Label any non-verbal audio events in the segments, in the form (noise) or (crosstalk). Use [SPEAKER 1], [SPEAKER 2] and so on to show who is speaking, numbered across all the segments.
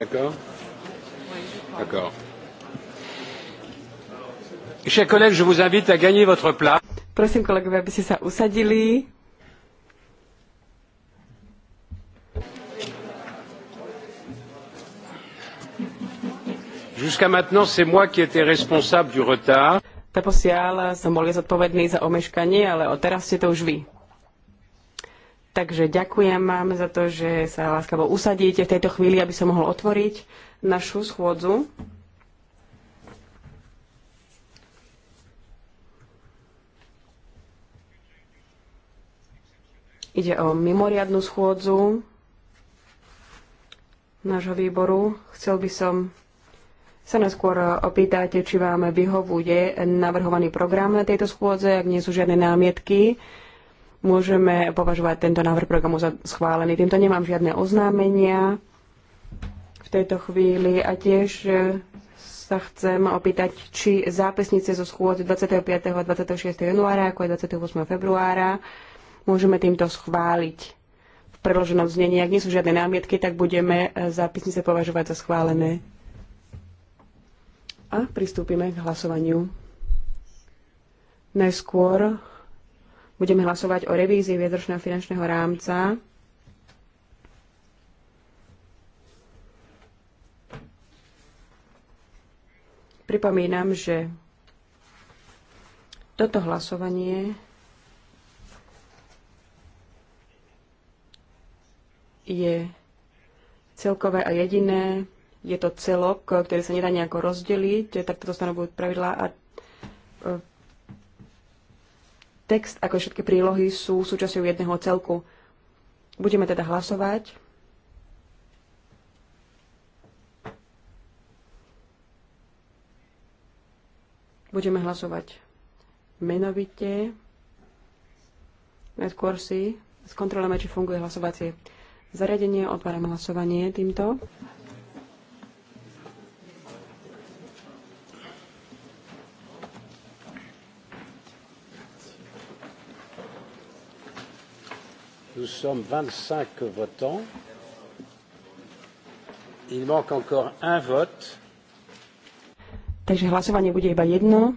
[SPEAKER 1] D'accord D'accord. Chers collègues, je vous invite à gagner votre place.
[SPEAKER 2] Prosím kolegovia, aby ste sa usadili.
[SPEAKER 1] Jusqu'à maintenant, c'est moi qui étais responsable du retard.
[SPEAKER 2] som bol zodpovedný za omeškanie, ale od teraz ste to už vy. Takže ďakujem vám za to, že sa láskavo usadíte v tejto chvíli, aby som mohol otvoriť našu schôdzu. Ide o mimoriadnu schôdzu nášho výboru. Chcel by som sa neskôr opýtať, či vám vyhovuje navrhovaný program na tejto schôdze, ak nie sú žiadne námietky môžeme považovať tento návrh programu za schválený. Týmto nemám žiadne oznámenia v tejto chvíli a tiež e, sa chcem opýtať, či zápisnice zo schôdze 25. a 26. januára, ako aj 28. februára, môžeme týmto schváliť v predloženom znení. Ak nie sú žiadne námietky, tak budeme e, zápisnice považovať za schválené. A pristúpime k hlasovaniu. Najskôr Budeme hlasovať o revízii viedročného finančného rámca. Pripomínam, že toto hlasovanie je celkové a jediné. Je to celok, ktorý sa nedá nejako rozdeliť, tak toto stanovujú pravidlá a e, Text, ako všetky prílohy, sú súčasťou jedného celku. Budeme teda hlasovať. Budeme hlasovať menovite. Najskôr si skontrolujeme, či funguje hlasovacie zariadenie. Otváram hlasovanie týmto.
[SPEAKER 1] sommes 25 votants. Il manque encore un vote.
[SPEAKER 2] Takže hlasovanie bude iba jedno.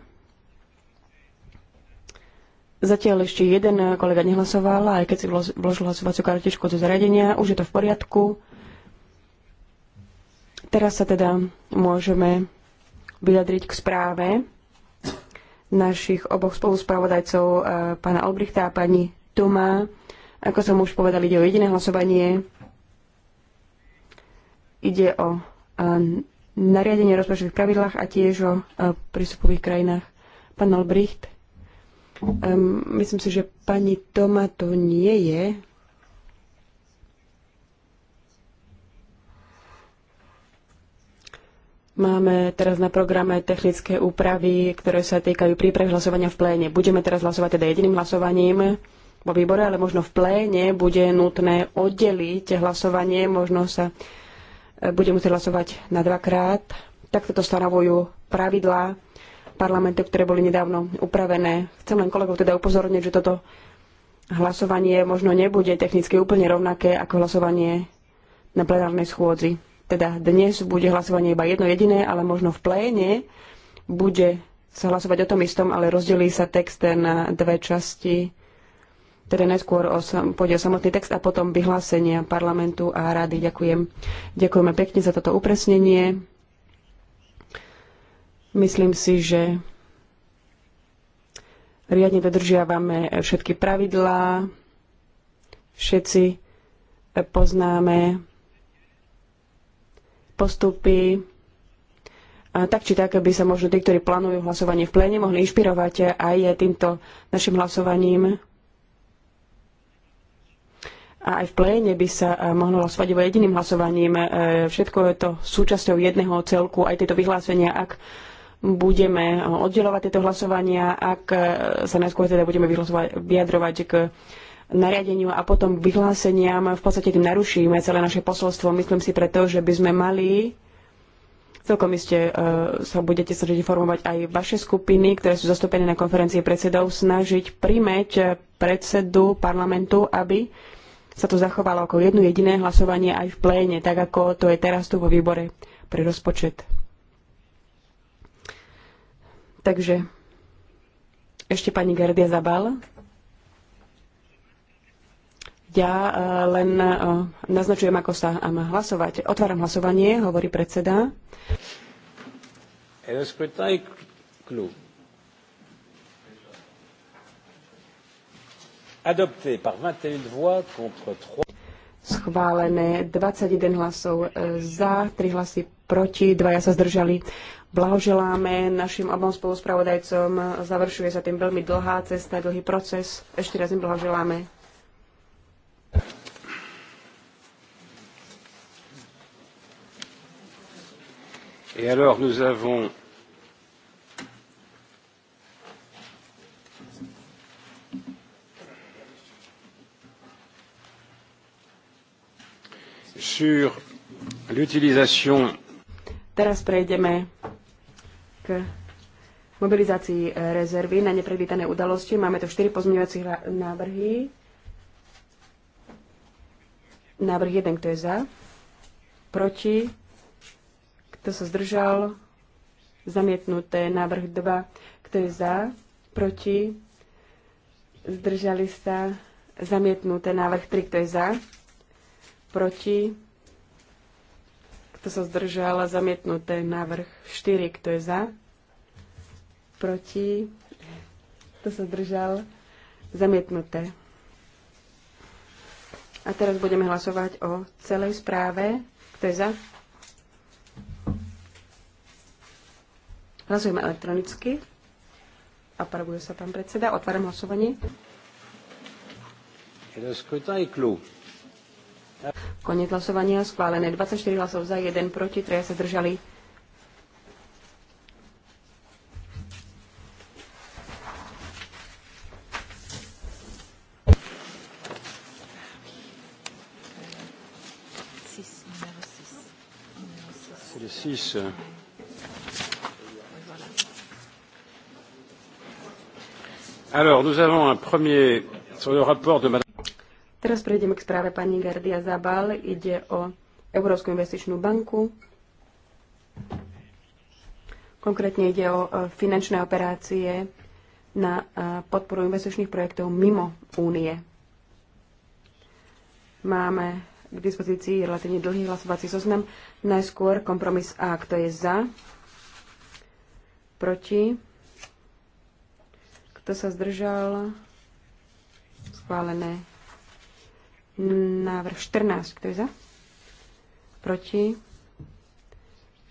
[SPEAKER 2] Zatiaľ ešte jeden kolega nehlasoval, aj keď si vložil hlasovaciu kartičku do zariadenia, už je to v poriadku. Teraz sa teda môžeme vyjadriť k správe našich oboch spoluspravodajcov, eh, pána Albrichta a pani Tuma. Ako som už povedal, ide o jediné hlasovanie. Ide o e, nariadenie rozpočtových pravidlách a tiež o e, prístupových krajinách. Pán Albricht, um, myslím si, že pani Toma to nie je. Máme teraz na programe technické úpravy, ktoré sa týkajú príprav hlasovania v pléne. Budeme teraz hlasovať teda jediným hlasovaním vo výbore, ale možno v pléne bude nutné oddeliť hlasovanie, možno sa e, bude musieť hlasovať na dvakrát. Takto to stanovujú pravidlá parlamentu, ktoré boli nedávno upravené. Chcem len kolegov teda upozorniť, že toto hlasovanie možno nebude technicky úplne rovnaké ako hlasovanie na plenárnej schôdzi. Teda dnes bude hlasovanie iba jedno jediné, ale možno v pléne bude sa hlasovať o tom istom, ale rozdelí sa text na dve časti teda najskôr o sam, pôjde o samotný text a potom vyhlásenia parlamentu a rady. Ďakujem. Ďakujeme pekne za toto upresnenie. Myslím si, že riadne dodržiavame všetky pravidlá, všetci poznáme postupy. A tak či tak, aby sa možno tí, ktorí plánujú hlasovanie v pléne, mohli inšpirovať aj týmto našim hlasovaním a aj v pléne by sa e, mohlo hlasovať iba jediným hlasovaním. E, všetko je to súčasťou jedného celku, aj tieto vyhlásenia, ak budeme e, oddelovať tieto hlasovania, ak sa najskôr teda budeme vyjadrovať k nariadeniu a potom vyhláseniam, v podstate tým narušíme celé naše posolstvo. Myslím si preto, že by sme mali Celkom iste sa budete snažiť formovať aj vaše skupiny, ktoré sú zastúpené na konferencii predsedov, snažiť primeť predsedu parlamentu, aby sa to zachovalo ako jedno jediné hlasovanie aj v pléne, tak ako to je teraz tu vo výbore pre rozpočet. Takže ešte pani Gardia Zabal. Ja e, len e, naznačujem, ako sa má hlasovať. Otváram hlasovanie, hovorí predseda.
[SPEAKER 1] Le adopté par 21
[SPEAKER 2] schválené 21 hlasov e, za, 3 hlasy proti, dvaja sa zdržali. Blahoželáme našim obom spoluspravodajcom. Završuje sa tým veľmi dlhá cesta, dlhý proces. Ešte raz im blahoželáme.
[SPEAKER 1] Et alors nous avons sur l'utilisation.
[SPEAKER 2] Teraz prejdeme k mobilizácii e, rezervy na nepredvídané udalosti. Máme tu 4 pozmeňovacie návrhy. Návrh 1, kto je za? Proti? Kto sa zdržal? Zamietnuté. Návrh 2, kto je za? Proti? Zdržali sa? Zamietnuté. Návrh 3, kto je za? proti, kto sa zdržal, zamietnuté návrh 4, kto je za, proti, kto sa zdržal, zamietnuté. A teraz budeme hlasovať o celej správe. Kto je za? Hlasujeme elektronicky. A pravuje sa pán predseda. Otváram hlasovanie.
[SPEAKER 1] to scrutin i clos.
[SPEAKER 2] Konec hlasovania schválené 24 hlasov za, 1 proti, 3 sa držali.
[SPEAKER 1] Euh. Alors, nous avons un premier sur le rapport de Madame.
[SPEAKER 2] Teraz prejdeme k správe pani Gardia Zabal. Ide o Európsku investičnú banku. Konkrétne ide o e, finančné operácie na e, podporu investičných projektov mimo únie. Máme k dispozícii relatívne dlhý hlasovací zoznam. Najskôr kompromis A, kto je za, proti, kto sa zdržal, schválené Návrh 14. Kto je za? Proti?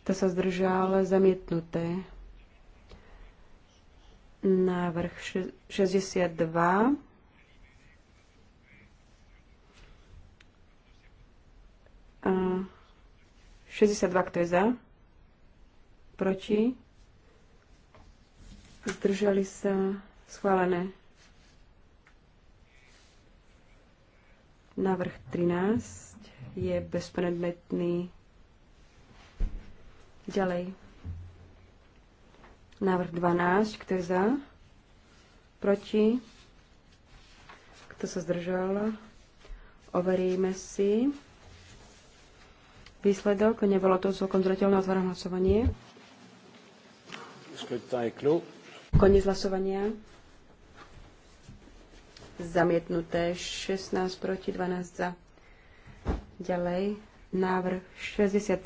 [SPEAKER 2] Kto sa zdržal? Zamietnuté. Návrh 62. A 62, kto je za? Proti? Zdržali sa schválené. Návrh 13 je bezpredmetný. Ďalej. Návrh 12, kto je za? Proti? Kto sa zdržal? Overíme si. Výsledok, nebolo to celkom zretelné, otváram hlasovanie. Koniec hlasovania zamietnuté 16 proti 12 za. Ďalej návrh 67,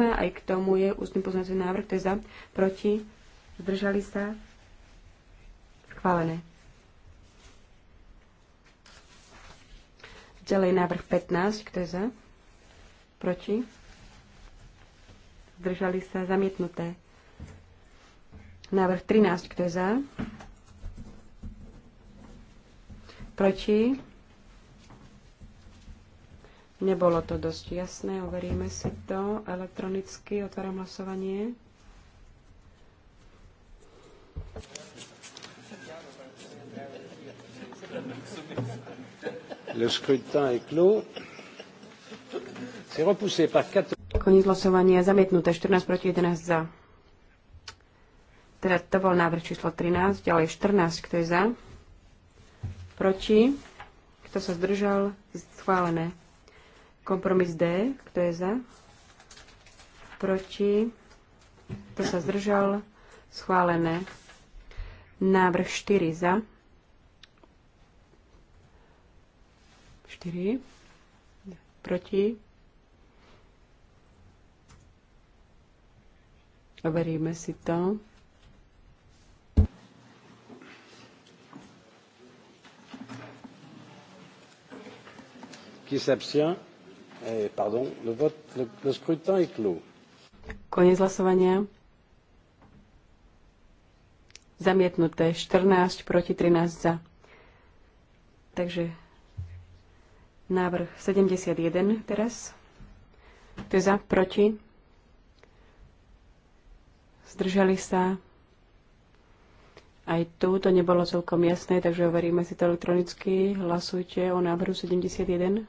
[SPEAKER 2] aj k tomu je ústny poznací návrh, to je za, proti, zdržali sa, schválené. Ďalej návrh 15, kto je za, proti, zdržali sa, zamietnuté. Návrh 13, kto je za, Proti? Nebolo to dosť jasné, overíme si to elektronicky. Otváram hlasovanie. Le
[SPEAKER 1] scrutin est clos. C'est repoussé par 4...
[SPEAKER 2] Koniec hlasovania zamietnuté 14 proti 11 za. Teda to bol návrh číslo 13, ďalej 14, kto je za? Proti? Kto sa zdržal? Schválené. Kompromis D. Kto je za? Proti? Kto sa zdržal? Schválené. Návrh 4 za. 4. Proti? Overíme si to.
[SPEAKER 1] Qui s'abstient eh, Pardon, le vote, le, le scrutin est clos.
[SPEAKER 2] Konec hlasovania. Zamietnuté 14 proti 13 za. Takže návrh 71 teraz. To je za, proti. Zdržali sa aj tu to nebolo celkom jasné, takže overíme si to elektronicky. Hlasujte o návrhu 71.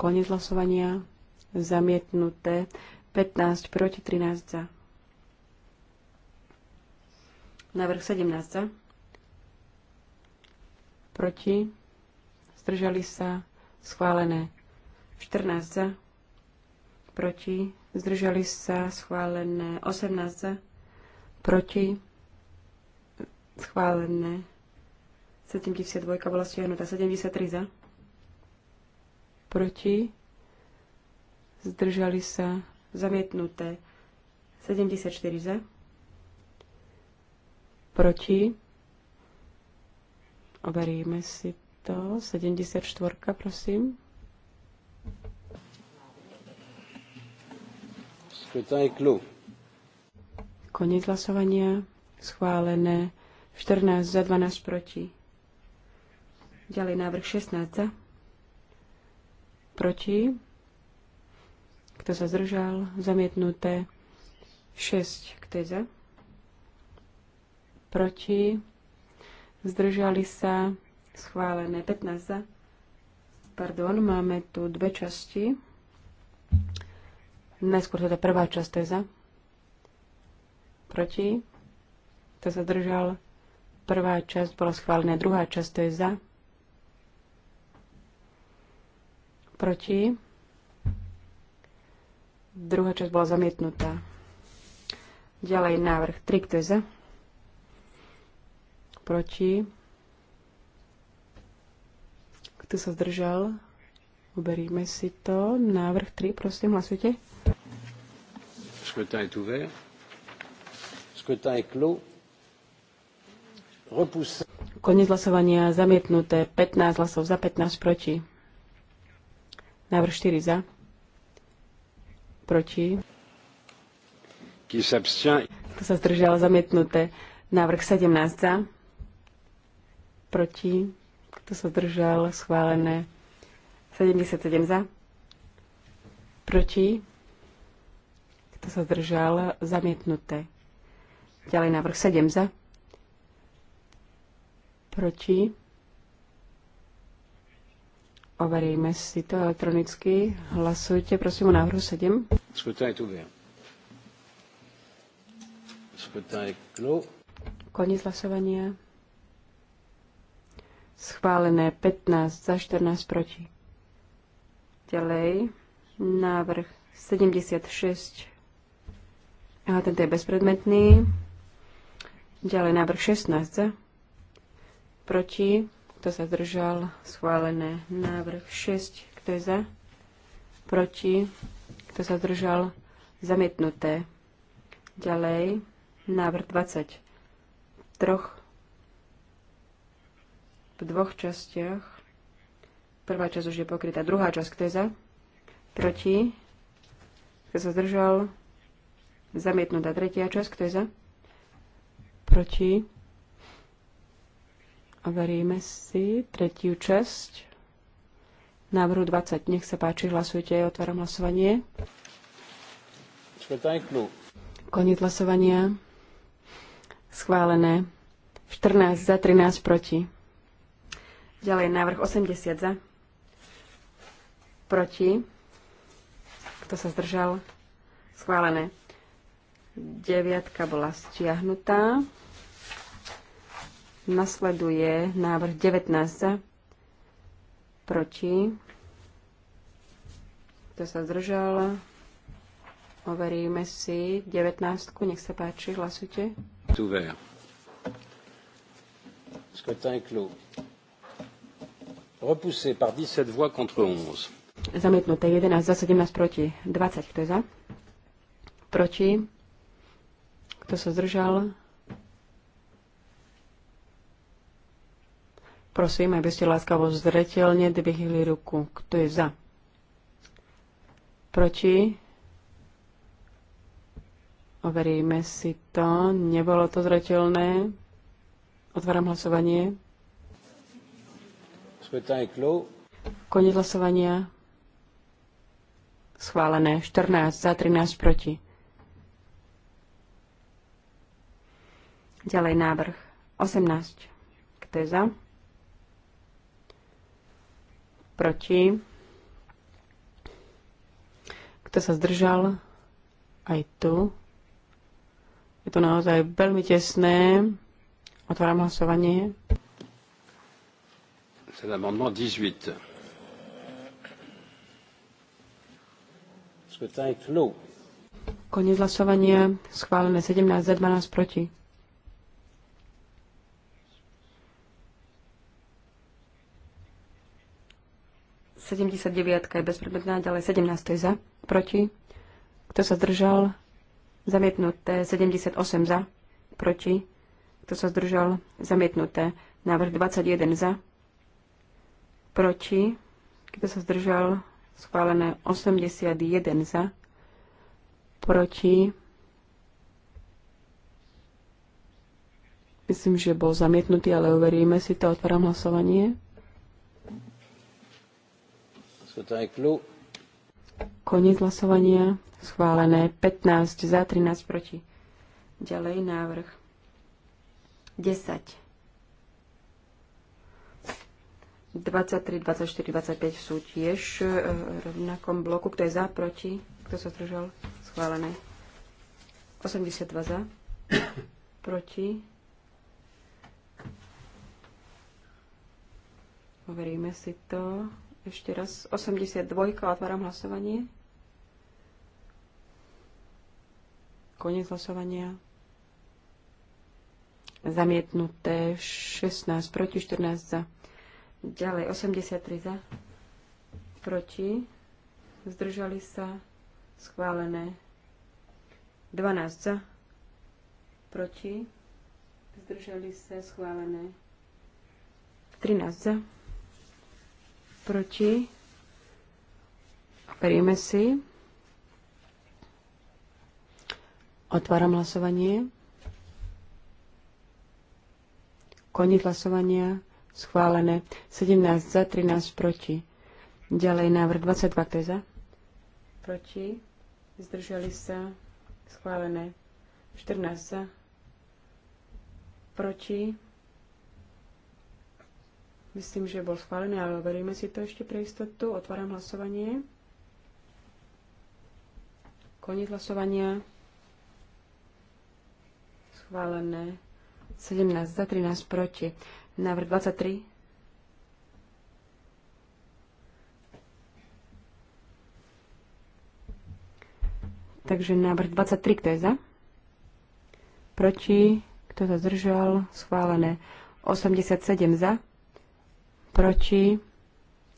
[SPEAKER 2] Konec hlasovania. Zamietnuté. 15 proti 13 za. Návrh 17 za. Proti. Zdržali sa. Schválené. 14 za. Proti zdržali sa schválené 18 za, proti schválené 72 bola stiahnutá 73 za, proti zdržali sa zamietnuté 74 za, proti overíme si to 74 prosím Koniec hlasovania. Schválené. 14 za 12 proti. Ďalej návrh 16 za. Proti. Kto sa zdržal? Zamietnuté. 6. Kto je za? Proti. Zdržali sa. Schválené. 15 za. Pardon, máme tu dve časti. Najskôr teda prvá časť teza. Proti. To sa držal. Prvá časť bola schválená. Druhá časť to je za. Proti. Druhá časť bola zamietnutá. Ďalej návrh 3, kto je za? Proti. Kto sa zdržal? Uberíme si to. Návrh 3, prosím, hlasujte
[SPEAKER 1] scrutin est ouvert. Scrutin est clos.
[SPEAKER 2] Repoussé. Koniec hlasovania zamietnuté. 15 hlasov za, 15 proti. Návrh 4 za. Proti.
[SPEAKER 1] Qui s'abstient.
[SPEAKER 2] Kto sa zdržal zamietnuté. Návrh 17 za. Proti. Kto sa zdržal schválené. 77 za. Proti kto sa zdržal, zamietnuté. Ďalej návrh 7 za, proti. Overíme si to elektronicky. Hlasujte, prosím, o návrhu 7.
[SPEAKER 1] Skutaj tu viem. Skutaj klo.
[SPEAKER 2] Koniec hlasovania. Schválené 15 za 14 proti. Ďalej návrh 76 a tento je bezpredmetný. Ďalej návrh 16 Proti. Kto sa zdržal? Schválené. Návrh 6. Kto je za? Proti. Kto sa zdržal? Zamietnuté. Ďalej. Návrh 20. Troch. V dvoch častiach. Prvá časť už je pokrytá. Druhá časť. Kto je za? Proti. Kto sa zdržal? Zamietnutá tretia časť, kto je za? Proti. Overíme si tretiu časť návrhu 20. Nech sa páči, hlasujte, otváram hlasovanie. Koniec hlasovania. Schválené. 14 za, 13 proti. Ďalej návrh 80 za. Proti. Kto sa zdržal? Schválené. Deviatka bola stiahnutá. Nasleduje návrh 19 za, proti. Kto sa zdržal? Overíme si 19. Nech sa páči, hlasujte.
[SPEAKER 1] ver. Scrutin clos. Repoussé par 17 voix contre 11.
[SPEAKER 2] Zamietnuté 11 za 17 proti 20. Kto je za? Proti. Kto sa zdržal? Prosím, aby ste láskavo zretelne dvihli ruku. Kto je za? Proti? Overíme si to. Nebolo to zretelné. Otváram hlasovanie. Konec hlasovania. Schválené. 14 za, 13 proti. Ďalej návrh 18. Kto je za? Proti? Kto sa zdržal? Aj tu. Je to naozaj veľmi tesné. Otváram hlasovanie.
[SPEAKER 1] C'est l'amendement 18. Scrutin clos.
[SPEAKER 2] Konec hlasovania. Schválené 17 za 12 proti. 79 je bezpredmetná, ďalej 17 je za, proti. Kto sa zdržal? Zamietnuté 78 za, proti. Kto sa zdržal? Zamietnuté. Návrh 21 za, proti. Kto sa zdržal? Schválené 81 za, proti. Myslím, že bol zamietnutý, ale uveríme si to. Otváram hlasovanie. Koniec hlasovania. Schválené 15 za, 13 proti. Ďalej návrh 10. 23, 24, 25 sú tiež e, v rovnakom bloku. Kto je za, proti? Kto sa zdržal? Schválené. 82 za, proti. Overíme si to. Ešte raz. 82. Otváram hlasovanie. Koniec hlasovania. Zamietnuté 16 proti 14 za. Ďalej 83 za. Proti. Zdržali sa. Schválené. 12 za. Proti. Zdržali sa. Schválené. 13 za proti, príjme si. Otváram hlasovanie. Koniec hlasovania. Schválené. 17 za, 13 proti. Ďalej návrh 22, kto je za? Proti. Zdržali sa. Schválené. 14 za. Proti. Myslím, že bol schválený, ale overíme si to ešte pre istotu. Otváram hlasovanie. Koniec hlasovania. Schválené. 17 za 13 proti. Návrh 23. Takže návrh 23, kto je za? Proti, kto sa zdržal, schválené. 87 za, proti,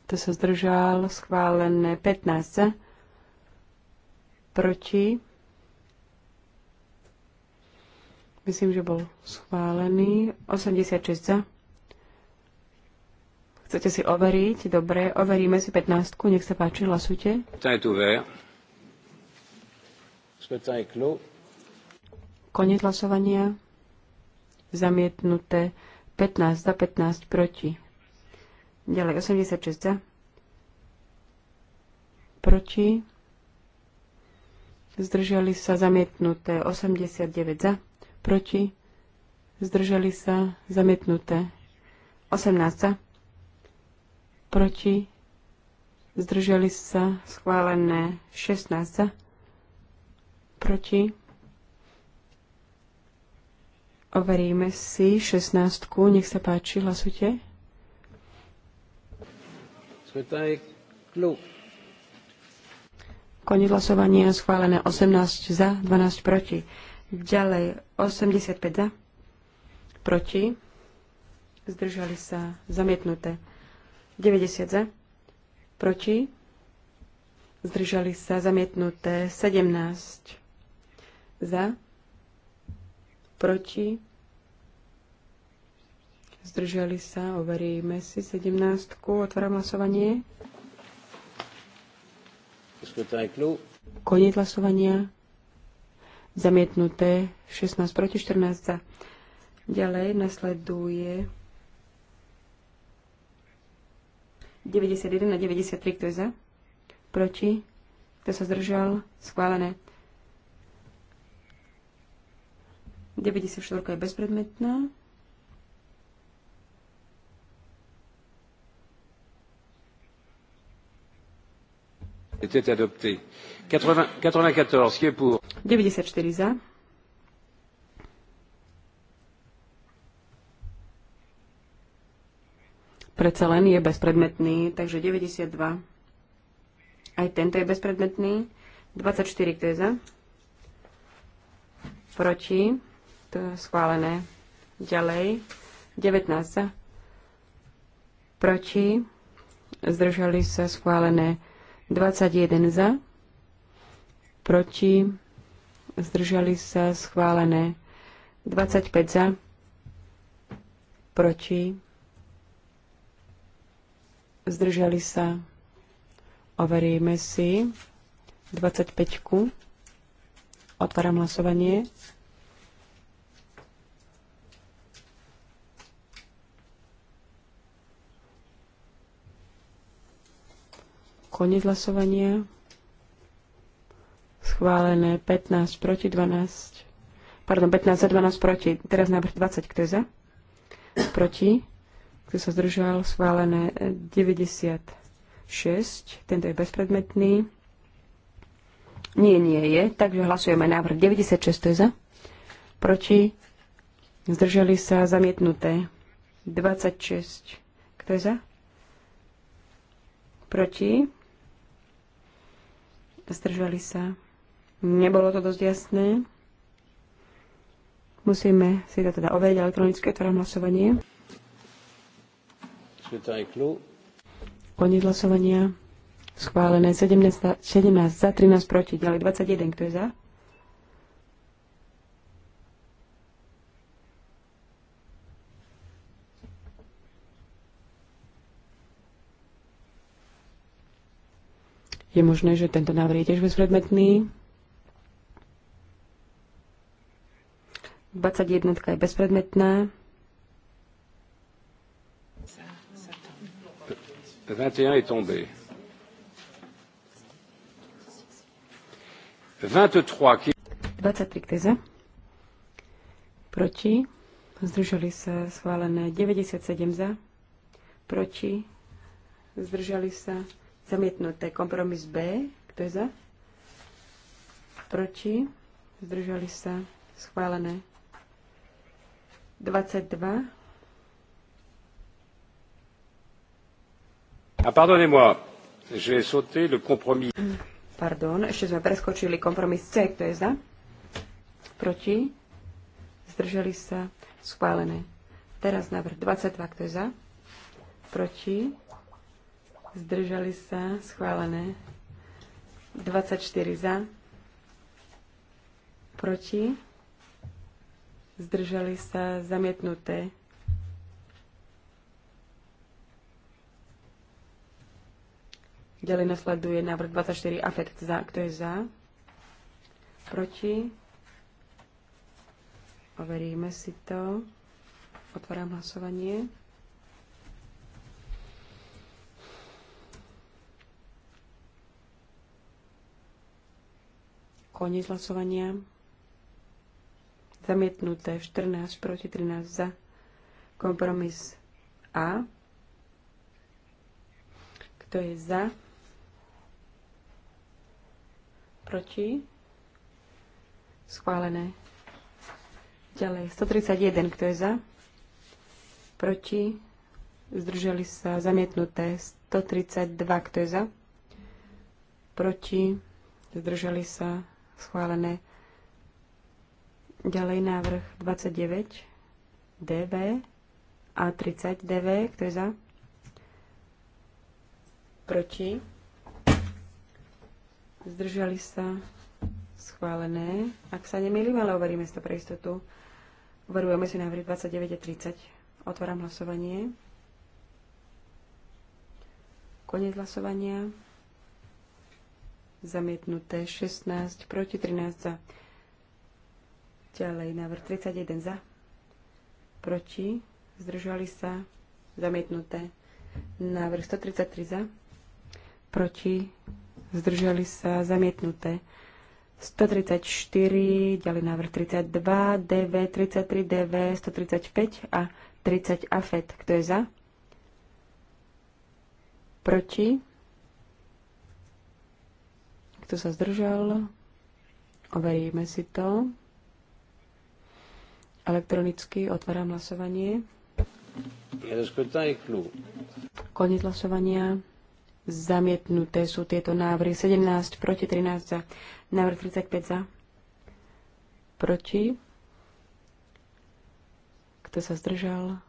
[SPEAKER 2] to sa zdržal, schválené 15 za, proti, myslím, že bol schválený, 86 Chcete si overiť? Dobre, overíme si 15. Nech sa páči, hlasujte. Konec hlasovania. Zamietnuté 15 za 15 proti. Ďalej 86 Proti. Zdržali sa zamietnuté 89 za. Proti. Zdržali sa zamietnuté 18 za. Proti. Zdržali sa schválené 16 za. Proti. Overíme si 16. Nech sa páči, hlasujte. Koniec hlasovania schválené 18 za, 12 proti. Ďalej 85 za, proti. Zdržali sa zamietnuté 90 za, proti. Zdržali sa zamietnuté 17 za, proti. Zdržali sa, overíme si 17. Otváram hlasovanie. Koniec hlasovania. Zamietnuté 16 proti 14 za. Ďalej nasleduje 91 na 93, kto je za? Proti? Kto sa zdržal? Schválené. 94 je bezpredmetná.
[SPEAKER 1] était adopté. 94, qui est pour
[SPEAKER 2] 94 za. Predsa len je bezpredmetný, takže 92. Aj tento je bezpredmetný. 24, kto je za? Proti. To je schválené. Ďalej. 19 za. Proti. Zdržali sa schválené 21 za, proti, zdržali sa schválené 25 za, proti, zdržali sa, overíme si 25. -ku. Otváram hlasovanie. Koniec hlasovania. Schválené 15 proti 12. Pardon, 15 za 12 proti. Teraz návrh 20. Kto je za? Proti. Kto sa zdržal? Schválené 96. Tento je bezpredmetný. Nie, nie je. Takže hlasujeme návrh 96. kto je za. Proti. Zdržali sa zamietnuté. 26. Kto je za? Proti zdržali sa. Nebolo to dosť jasné. Musíme si to teda overiť elektronické, teda hlasovanie. Koniec hlasovania. Schválené 17, 17 za, 13 proti, ďalej 21, kto je za? Je možné, že tento návrh je tiež bezpredmetný. 21 je bezpredmetná.
[SPEAKER 1] 21 je tombé. 23 qui...
[SPEAKER 2] 23 k Proti. Zdržali sa schválené 97 za. Proti. Zdržali sa Zamietnuté. Kompromis B. Kto je za? Proti? Zdržali sa. Schválené. 22.
[SPEAKER 1] A ah, pardonnez-moi, j'ai sauté le compromis.
[SPEAKER 2] Pardon, ešte sme preskočili kompromis C, kto je za? Proti? Zdržali sa? Schválené. Teraz návrh 22, kto je za? Proti? zdržali sa, schválené. 24 za, proti, zdržali sa, zamietnuté. Ďalej nasleduje návrh 24 AFET za, kto je za, proti, overíme si to, otváram hlasovanie. Koniec hlasovania. Zamietnuté 14 proti 13 za. Kompromis A. Kto je za? Proti? Schválené. Ďalej 131. Kto je za? Proti? Zdržali sa zamietnuté 132. Kto je za? Proti? Zdržali sa schválené. Ďalej návrh 29 DV a 30 DV, kto je za? Proti? Zdržali sa schválené. Ak sa nemýlim, ale overíme si to pre istotu. Overujeme si návrh 29 a 30. Otváram hlasovanie. Konec hlasovania zamietnuté 16, proti 13 za. Ďalej návrh 31 za, proti, zdržali sa, zamietnuté. Návrh 133 za, proti, zdržali sa, zamietnuté. 134, ďalej návrh 32, DV, 33, DV, 135 a 30 AFET. Kto je za? Proti? Kto sa zdržal? Overíme si to. Elektronicky otváram hlasovanie. Koniec hlasovania. Zamietnuté sú tieto návrhy. 17 proti 13 za. Návrh 35 za. Proti. Kto sa zdržal?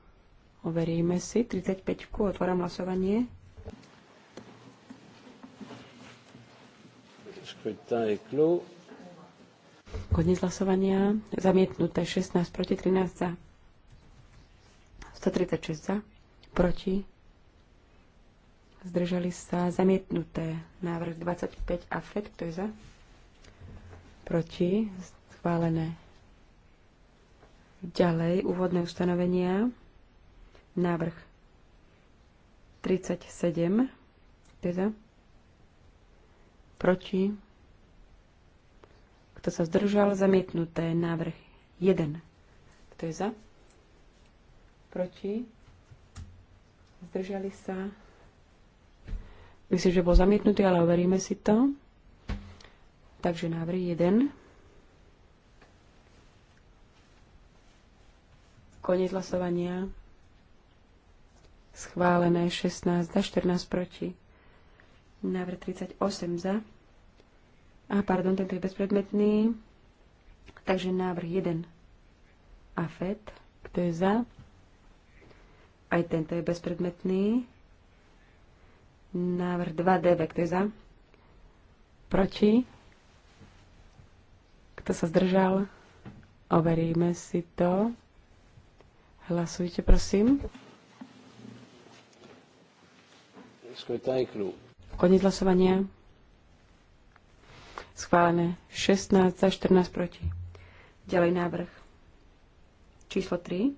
[SPEAKER 2] Overíme si. 35. Otváram hlasovanie.
[SPEAKER 1] Scrutin est clos.
[SPEAKER 2] Koniec hlasovania. Zamietnuté 16 proti 13 za. 136 za. Proti. Zdržali sa zamietnuté návrh 25 a FED. Kto je za? Proti. Schválené. Ďalej úvodné ustanovenia. Návrh 37. Kto je za? Proti kto sa zdržal? Zamietnuté. Návrh 1. Kto je za? Proti? Zdržali sa? Myslím, že bol zamietnutý, ale overíme si to. Takže návrh 1. Koniec hlasovania. Schválené 16 za 14 proti. Návrh 38 za. A pardon, tento je bezpredmetný. Takže návrh 1 AFET, kto je za. Aj tento je bezpredmetný. Návrh 2 DV, kto je za. Proti. Kto sa zdržal? Overíme si to. Hlasujte, prosím. Koniec hlasovania. Schválené 16 za 14 proti. Ďalej návrh. Číslo 3.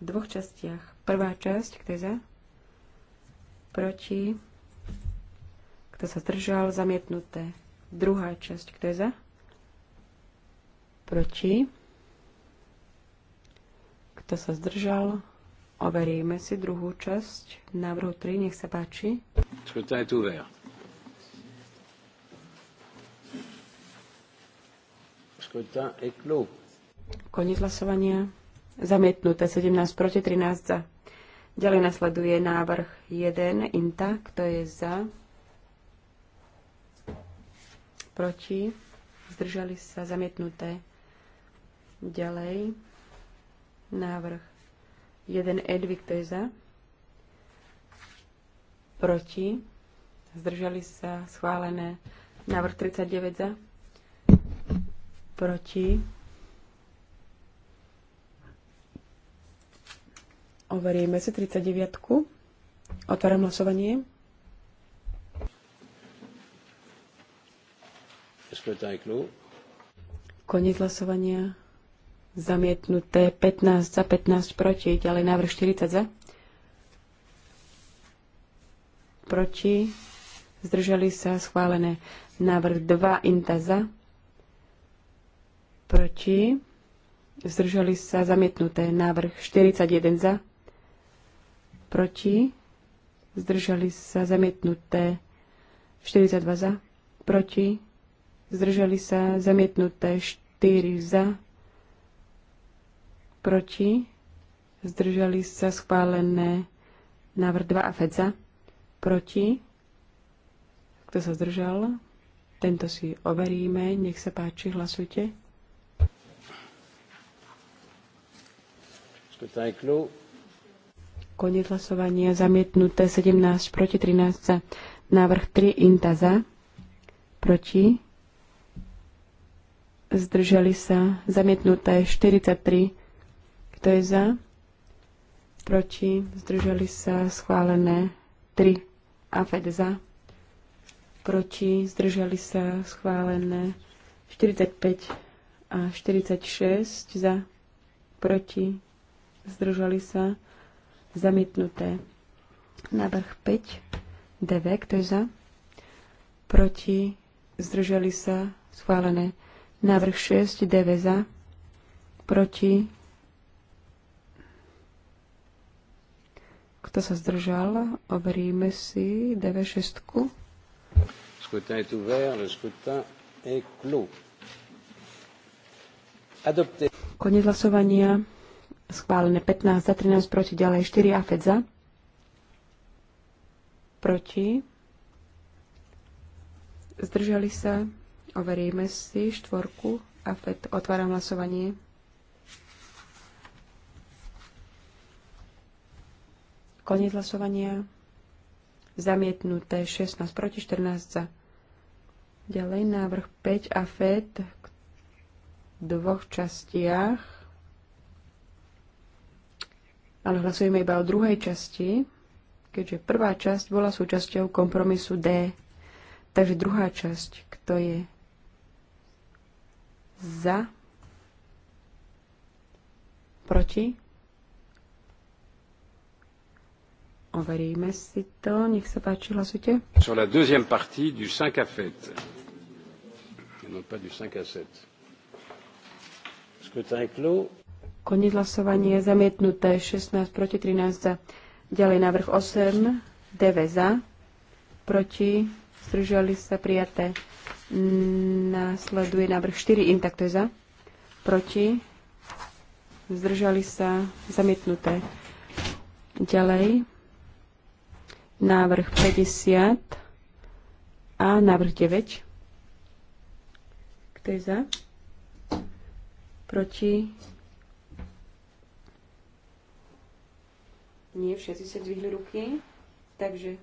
[SPEAKER 2] V dvoch častiach. Prvá časť, kto je za? Proti. Kto sa zdržal? Zamietnuté. Druhá časť, kto je za? Proti. Kto sa zdržal? Overíme si druhú časť návrhu 3, nech sa páči.
[SPEAKER 1] je tu ouvert. Scrutin
[SPEAKER 2] Koniec hlasovania. Zamietnuté 17 proti 13 za. Ďalej nasleduje návrh 1 INTA. Kto je za? Proti? Zdržali sa zamietnuté. Ďalej návrh 1 Edvy. Kto je za? Proti? Zdržali sa schválené. Návrh 39 za proti. Overíme si 39. -ku. Otváram hlasovanie. Koniec hlasovania. Zamietnuté 15 za 15 proti. Ďalej návrh 40 za. Proti. Zdržali sa schválené návrh 2 inta za proti, zdržali sa zamietnuté. Návrh 41 za, proti, zdržali sa zamietnuté. 42 za, proti, zdržali sa zamietnuté. 4 za, proti, zdržali sa schválené. Návrh 2 a FED za, proti, kto sa zdržal, tento si overíme. Nech sa páči, hlasujte. Koniec hlasovania zamietnuté 17 proti 13 za. Návrh 3 INTA za. Proti. Zdržali sa zamietnuté 43. Kto je za? Proti. Zdržali sa schválené 3. AFED za. Proti. Zdržali sa schválené 45 a 46 za proti zdržali sa, zamietnuté. Návrh 5, DV, kto je za, proti, zdržali sa, schválené. Návrh 6, DV za, proti, kto sa zdržal, overíme si DV6.
[SPEAKER 1] Scrutin est ouvert, le scrutin est clos. Adopté.
[SPEAKER 2] Konec hlasovania schválené 15 za 13 proti, ďalej 4 afet za, proti, zdržali sa, overíme si štvorku, a FED otváram hlasovanie. Koniec hlasovania. Zamietnuté 16 proti 14 za. Ďalej návrh 5 a FED v dvoch častiach ale hlasujeme iba o druhej časti, keďže prvá časť bola súčasťou kompromisu D. Takže druhá časť, kto je za, proti. Overíme si to. Nech sa páči, hlasujte.
[SPEAKER 1] Sur la deuxième partie du 5 à fête. Non pas du 5 à 7. Scrutin clos.
[SPEAKER 2] Koniec hlasovania zamietnuté 16 proti 13 za. Ďalej návrh 8, DV za, proti, zdržali sa prijaté. Následuje návrh 4, INTA, kto je za, proti, zdržali sa zamietnuté. Ďalej návrh 50 a návrh 9. Kto je za? Proti? Nie, všetci ste dvihli ruky, takže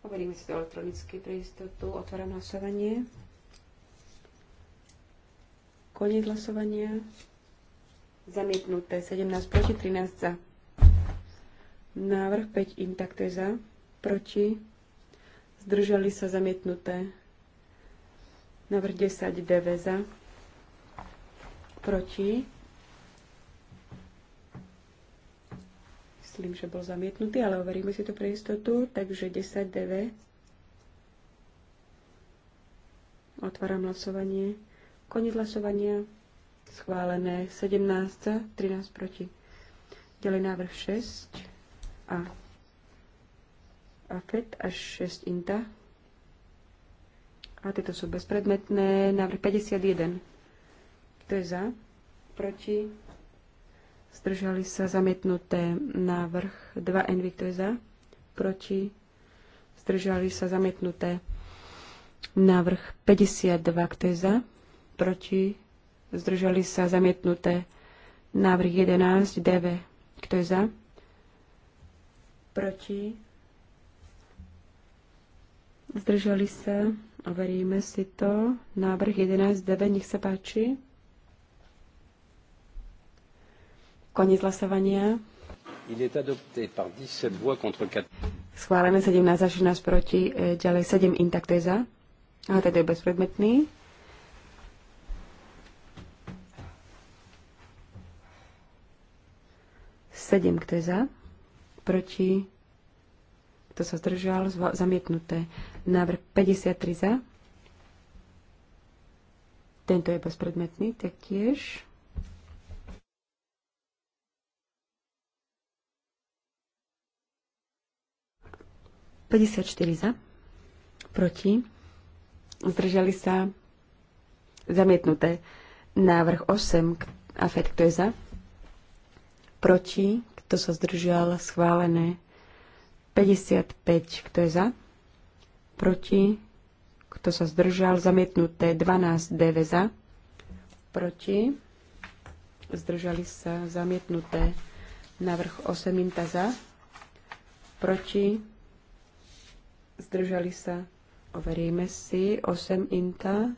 [SPEAKER 2] overíme si to elektronicky pre istotu. Otváram hlasovanie. Koniec hlasovania. Zamietnuté 17 proti 13 za. Návrh 5 intakto je za. Proti. Zdržali sa zamietnuté. Návrh 10 DV za. Proti. Myslím, že bol zamietnutý, ale overíme si to pre istotu. Takže 10 DV. Otváram hlasovanie. Koniec hlasovania. Schválené 17 za, 13 proti. Ďalej návrh 6 a AFET až 6 INTA. A tieto sú bezpredmetné. Návrh 51. Kto je za? Proti? Zdržali sa zamietnuté návrh 2 Envy, kto je za? Proti? Zdržali sa na návrh 52, kto je za? Proti? Zdržali sa zamietnuté návrh 11 DV, kto je za? Proti? Zdržali sa. Overíme si to. Návrh 11 DV, nech sa páči. Koniec hlasovania.
[SPEAKER 1] Il est adopté par 17 voix contre 4.
[SPEAKER 2] Schválené 17 za 16 proti, e, ďalej 7 intakté za. A teda je bezpredmetný. Sedem, kto je za? Proti? Kto sa zdržal? Zamietnuté. Návrh 53 za. Tento je bezpredmetný tak tiež. 54 za, proti, zdržali sa, zamietnuté. Návrh 8, AFED, kto je za, proti, kto sa zdržal, schválené. 55, kto je za, proti, kto sa zdržal, zamietnuté. 12, DV za, proti, zdržali sa, zamietnuté. Návrh 8, INTA za, proti, Zdržali sa. Overíme si. 8 inta.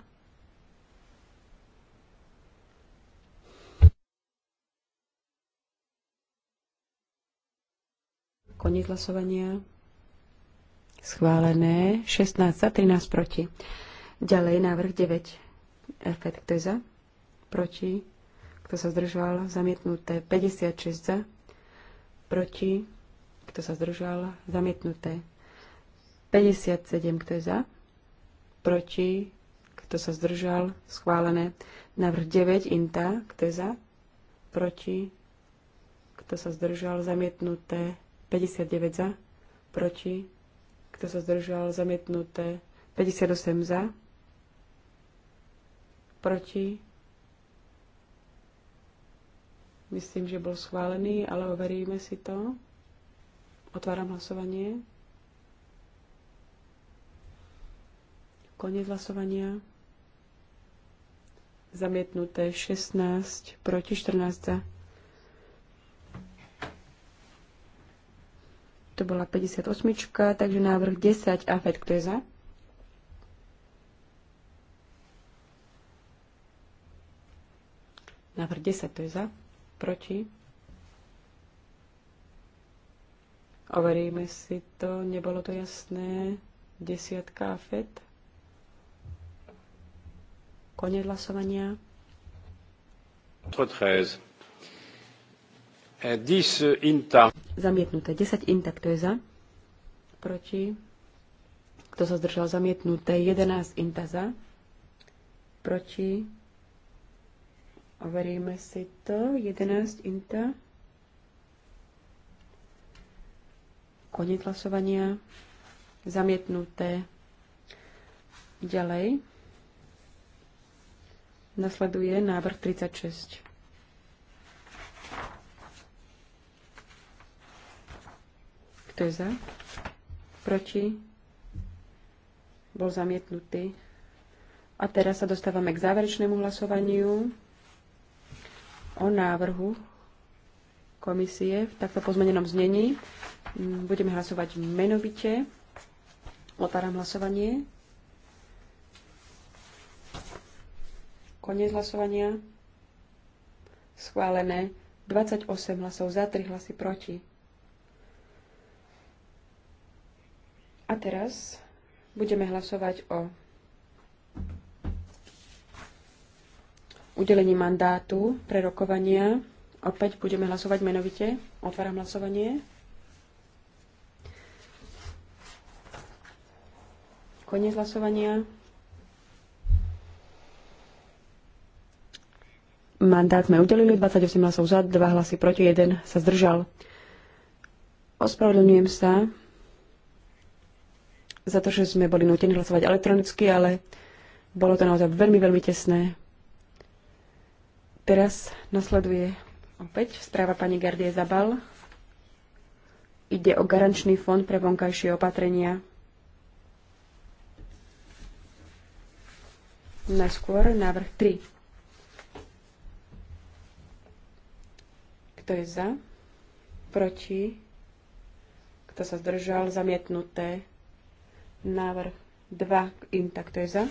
[SPEAKER 2] Koniec hlasovania. Schválené. 16 za, 13 proti. Ďalej návrh 9. Efekt, kto je za? Proti. Kto sa zdržal? Zamietnuté. 56 za. Proti. Kto sa zdržal? Zamietnuté. 57, kto je za? Proti? Kto sa zdržal? Schválené. Návrh 9, Inta, kto je za? Proti? Kto sa zdržal? Zamietnuté. 59 za? Proti? Kto sa zdržal? Zamietnuté. 58 za? Proti? Myslím, že bol schválený, ale overíme si to. Otváram hlasovanie. Koniec hlasovania. Zamietnuté 16 proti 14 za. To bola 58, takže návrh 10 a FED, kto je za? Návrh 10, to je za. Proti. Overíme si to, nebolo to jasné. Desiatka a FED koniec hlasovania.
[SPEAKER 1] 13. 10 inta.
[SPEAKER 2] Zamietnuté. 10 inta, kto je za? Proti? Kto sa zdržal zamietnuté? 11 inta za? Proti? Overíme si to. 11 inta. Koniec hlasovania. Zamietnuté. Ďalej. Nasleduje návrh 36. Kto je za? Proti? Bol zamietnutý. A teraz sa dostávame k záverečnému hlasovaniu o návrhu komisie v takto pozmenenom znení. Budeme hlasovať menovite. Otváram hlasovanie. Koniec hlasovania. Schválené. 28 hlasov za, 3 hlasy proti. A teraz budeme hlasovať o udelení mandátu pre rokovania. Opäť budeme hlasovať menovite. Otváram hlasovanie. Koniec hlasovania. mandát sme udelili, 28 hlasov za, 2 hlasy proti, 1 sa zdržal. Ospravedlňujem sa za to, že sme boli nutení hlasovať elektronicky, ale bolo to naozaj veľmi, veľmi tesné. Teraz nasleduje opäť správa pani Gardie Zabal. Ide o garančný fond pre vonkajšie opatrenia. Najskôr návrh 3. Kto je za? Proti? Kto sa zdržal? Zamietnuté. Návrh 2 INTA. Kto je za?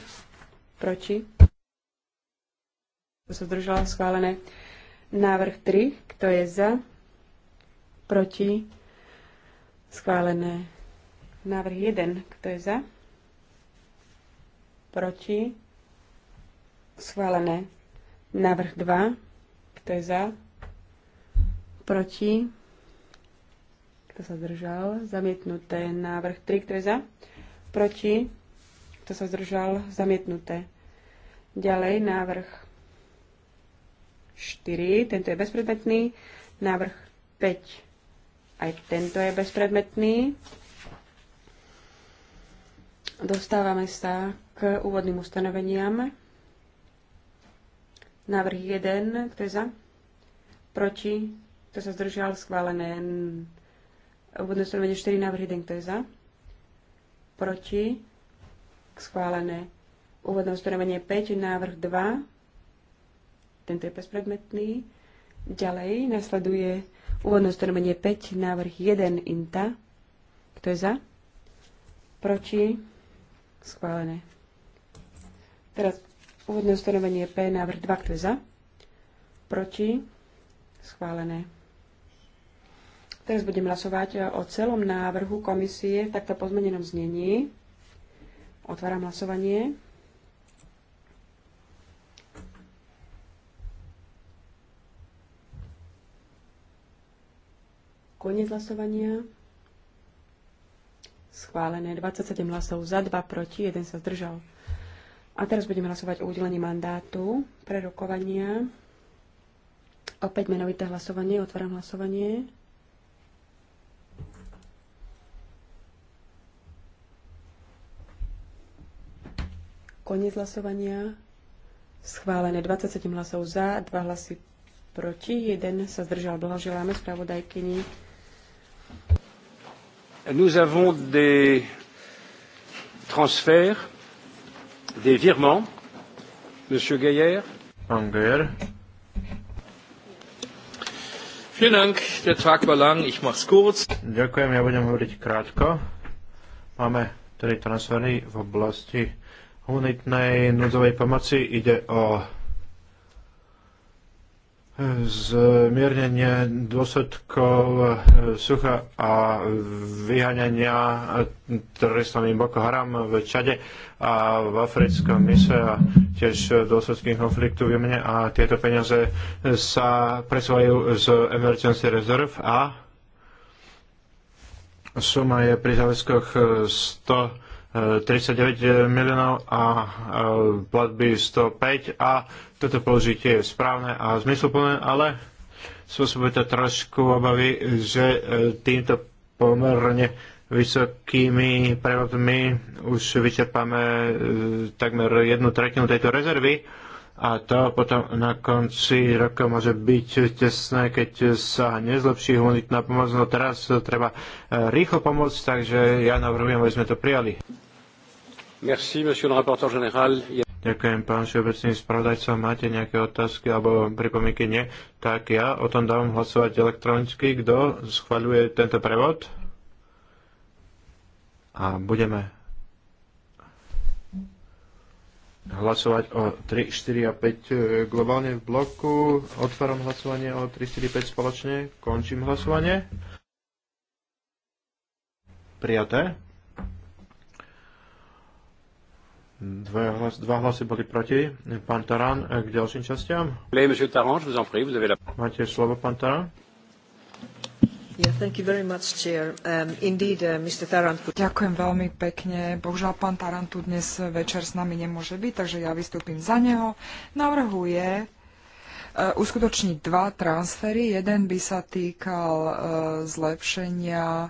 [SPEAKER 2] Proti? Kto sa zdržal? Schválené. Návrh 3. Kto je za? Proti? Schválené. Návrh 1. Kto je za? Proti? Schválené. Návrh 2. Kto je za? Proti? Kto sa zdržal? Zamietnuté. Návrh 3, ktoré je za? Proti? Kto sa zdržal? Zamietnuté. Ďalej návrh 4, tento je bezpredmetný. Návrh 5, aj tento je bezpredmetný. Dostávame sa k úvodným ustanoveniam. Návrh 1, kto je za? Proti? To sa zdržal? Schválené. Úvodné ustanovenie 4, návrh 1. Kto je za? Proti? Schválené. Úvodné ustanovenie 5, návrh 2. Tento je bezpredmetný. Ďalej nasleduje úvodné ustanovenie 5, návrh 1, INTA. Kto je za? Proti? Schválené. Teraz úvodné ustanovenie P, návrh 2, kto je za? Proti? Schválené. Teraz budem hlasovať e, o celom návrhu komisie v takto pozmenenom znení. Otváram hlasovanie. Koniec hlasovania. Schválené. 27 hlasov za, 2 proti, 1 sa zdržal. A teraz budeme hlasovať o udelení mandátu pre rokovania. Opäť menovité hlasovanie. Otváram hlasovanie. Koniec hlasovania. Schválené 27 hlasov za, 2 hlasy proti, 1 sa zdržal. Blahoželáme spravodajkyni.
[SPEAKER 1] Nous avons des transferts, des virements. Monsieur Geyer.
[SPEAKER 3] Pán Geyer.
[SPEAKER 4] Vielen Dank, der Tag war lang, ich mach's
[SPEAKER 3] kurz. Ďakujem, ja budem hovoriť krátko. Máme tri transfery v oblasti humanitnej núdzovej pomoci. Ide o e, zmiernenie dôsledkov e, sucha a vyhaňania e, teroristami Boko Haram v Čade a v africkom mise a tiež dôsledky konfliktu v Jemene a tieto peniaze sa presúvajú z Emergency Reserve a suma je pri záväzkoch 100 39 miliónov a e, platby 105 a toto použitie je správne a zmysluplné, ale spôsobuje to trošku obavy, že e, týmto pomerne vysokými prevodmi už vyčerpáme e, takmer jednu tretinu tejto rezervy a to potom na konci roka môže byť tesné, keď sa nezlepší humanitná pomoc. No teraz treba rýchlo pomôcť, takže ja navrhujem, aby sme to prijali. Ďakujem, pán všeobecný spravodajca. Máte nejaké otázky alebo pripomienky? Nie. Tak ja o tom dávam hlasovať elektronicky. Kto schvaľuje tento prevod? A budeme hlasovať o 3, 4 a 5 e, globálne v bloku. Otváram hlasovanie o 3, 4, 5 spoločne. Končím hlasovanie. Prijaté. hlas, dva hlasy boli proti. Pán Tarán, eh, k ďalším častiam. Máte slovo, pán Tarán.
[SPEAKER 4] Um, uh, Ďakujem veľmi pekne. Bohužiaľ, pán Tarant tu dnes večer s nami nemôže byť, takže ja vystúpim za neho. Navrhuje uh, uskutočniť dva transfery. Jeden by sa týkal uh, zlepšenia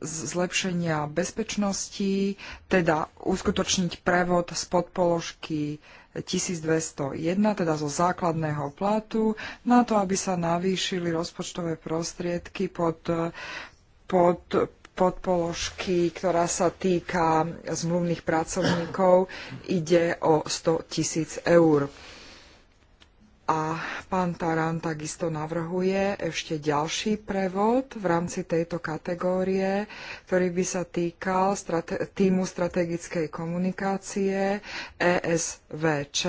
[SPEAKER 4] zlepšenia bezpečnosti, teda uskutočniť prevod z podpoložky 1201, teda zo základného platu, na to, aby sa navýšili rozpočtové prostriedky pod, pod, podpoložky, ktorá sa týka zmluvných pracovníkov, ide o 100 tisíc eur. A pán Taran takisto navrhuje ešte ďalší prevod v rámci tejto kategórie, ktorý by sa týkal strate- týmu strategickej komunikácie ESVČ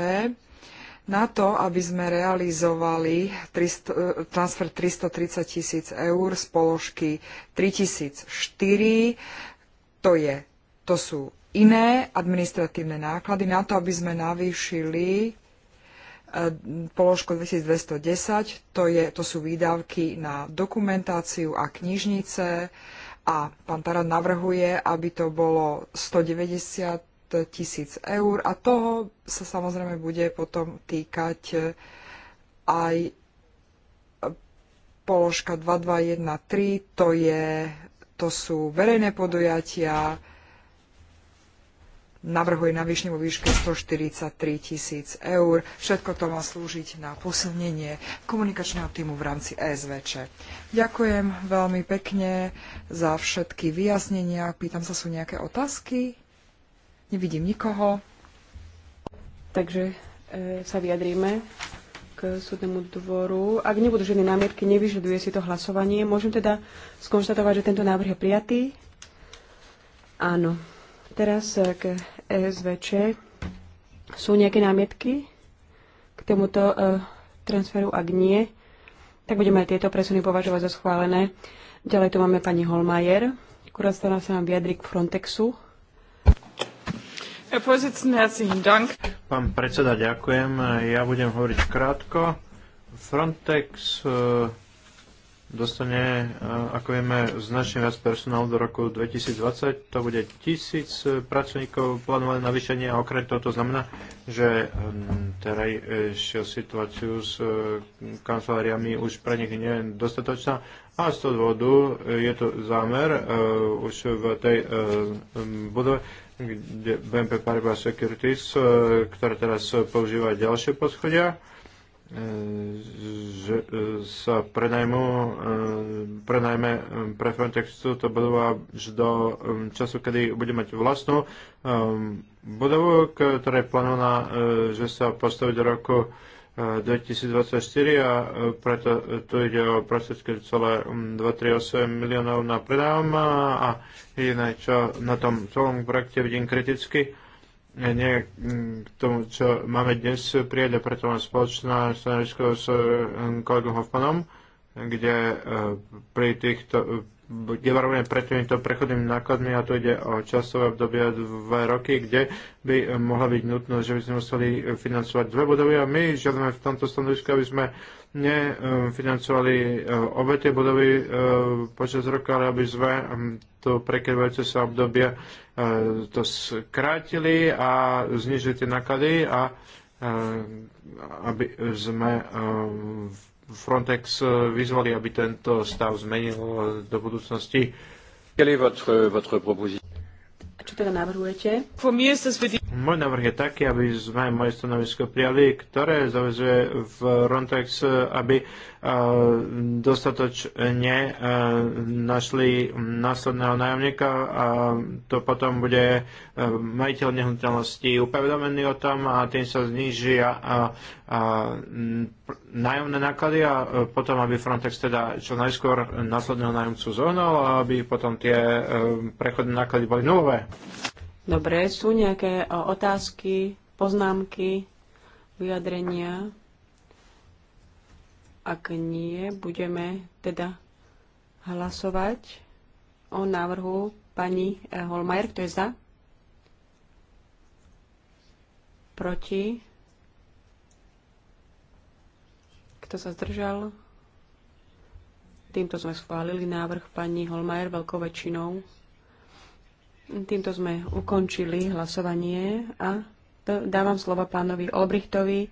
[SPEAKER 4] na to, aby sme realizovali 300, transfer 330 tisíc eur z položky 3004, to, je, to sú iné administratívne náklady na to, aby sme navýšili položku 2210, to, je, to sú výdavky na dokumentáciu a knižnice a pán Tarant navrhuje, aby to bolo 190 tisíc eur a toho sa samozrejme bude potom týkať aj položka 2213, to, je, to sú verejné podujatia, navrhuje navýšenie vo výške 143 tisíc eur. Všetko to má slúžiť na posilnenie komunikačného týmu v rámci ESVČ. Ďakujem veľmi pekne za všetky vyjasnenia. Pýtam sa, sú nejaké otázky? Nevidím nikoho. Takže
[SPEAKER 2] e, sa vyjadríme k súdnemu dvoru. Ak nebudú žiadne námietky, nevyžaduje si to hlasovanie. Môžem teda skonštatovať, že tento návrh je prijatý? Áno teraz e, k ESVČ. Sú nejaké námietky k tomuto e, transferu? Ak nie, tak budeme aj tieto presuny považovať za schválené. Ďalej tu máme pani Holmajer, ktorá sa nám vyjadri k Frontexu.
[SPEAKER 3] Pán predseda, ďakujem. Ja budem hovoriť krátko. Frontex e, dostane, eh, ako vieme, značne viac personálu do roku 2020. To bude tisíc eh, pracovníkov plánované navýšenie a okrem toho to znamená, že ehm, terajšiu eh, situáciu s kanceláriami už pre nich nie je dostatočná a z toho dôvodu je to zámer už v tej budove, kde BNP Paribas Securities, ktoré teraz používa ďalšie poschodia, že e, sa prenajmu, e, prenajme e, pre Frontexu to budova až do času, kedy bude mať vlastnú budovu, ktorá je plánovaná, že sa postaví do roku 2024 a preto tu ide o prostredky celé 238 miliónov na predám a jediné, čo na tom celom projekte vidím kriticky, nie mm, k tomu, čo máme dnes prijať, a preto mám spoločná stanovisko s mm, kolegom Hoffmanom, kde e, pri týchto devarujeme pred týmito prechodnými nákladmi a to ide o časové obdobie dva roky, kde by mohla byť nutnosť, že by sme museli financovať dve budovy a my žiadame v tomto stanovisku, aby sme nefinancovali eh, obe tie budovy eh, počas roka, ale aby sme hm, to prekrývajúce sa obdobie eh, to skrátili a znižili tie náklady a aby sme v Frontex eh, vyzvali, aby tento stav zmenil eh, do budúcnosti.
[SPEAKER 2] Čo teda navrhujete?
[SPEAKER 3] Môj návrh je taký, aby sme moje stanovisko prijali, ktoré zavezuje Frontex, eh, aby dostatočne našli následného nájomníka a to potom bude majiteľ nehnuteľnosti upevedomený o tom a tým sa znižia nájomné náklady a e, potom, aby Frontex teda čo najskôr následného nájomcu zohnal a aby potom tie e, prechodné náklady boli nulové. Dobre, sú nejaké e, otázky, poznámky,
[SPEAKER 2] vyjadrenia? Ak nie, budeme teda hlasovať o návrhu pani Holmajer. Kto je za? Proti? Kto sa zdržal? Týmto sme schválili návrh pani Holmajer veľkou väčšinou. Týmto sme ukončili hlasovanie a dávam slova pánovi Olbrichtovi,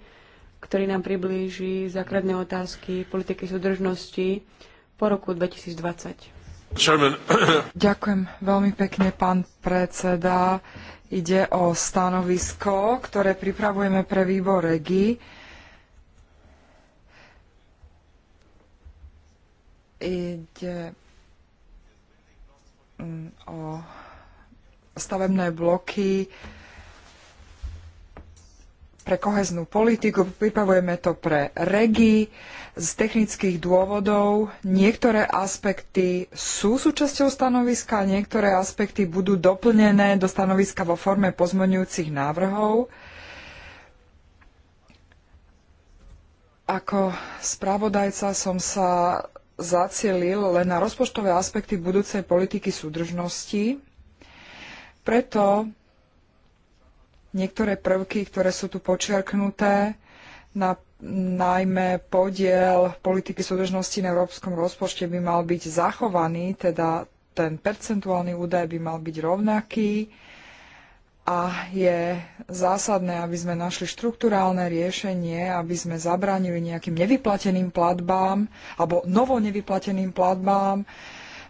[SPEAKER 2] ktorý nám priblíži základné otázky politiky súdržnosti
[SPEAKER 4] po roku 2020. (coughs) Ďakujem veľmi pekne, pán predseda. Ide o stanovisko, ktoré pripravujeme pre výbor REGI Ide mm, o stavebné bloky pre koheznú politiku, pripravujeme to pre regi z technických dôvodov. Niektoré aspekty sú súčasťou stanoviska, niektoré aspekty budú doplnené do stanoviska vo forme pozmeňujúcich návrhov. Ako spravodajca som sa zacielil len na rozpočtové aspekty budúcej politiky súdržnosti. Preto niektoré prvky, ktoré sú tu počiarknuté, na, najmä podiel politiky súdržnosti na európskom rozpočte by mal byť zachovaný, teda ten percentuálny údaj by mal byť rovnaký a je zásadné, aby sme našli štruktúrálne riešenie, aby sme zabránili nejakým nevyplateným platbám alebo novo nevyplateným platbám,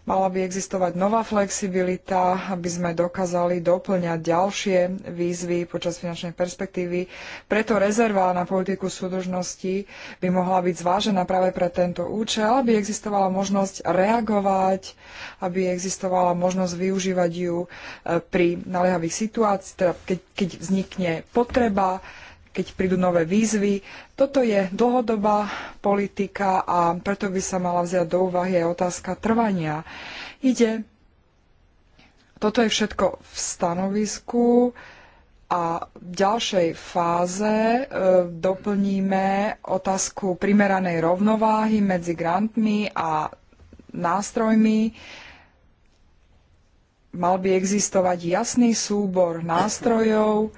[SPEAKER 4] Mala by existovať nová flexibilita, aby sme dokázali doplňať ďalšie výzvy počas finančnej perspektívy. Preto rezerva na politiku súdržnosti by mohla byť zvážená práve pre tento účel, aby existovala možnosť reagovať, aby existovala možnosť využívať ju eh, pri naliehavých situáciách, teda keď, keď vznikne potreba keď prídu nové výzvy. Toto je dlhodobá politika a preto by sa mala vziať do úvahy aj otázka trvania. Ide, toto je všetko v stanovisku a v ďalšej fáze e, doplníme otázku primeranej rovnováhy medzi grantmi a nástrojmi, mal by existovať jasný súbor nástrojov,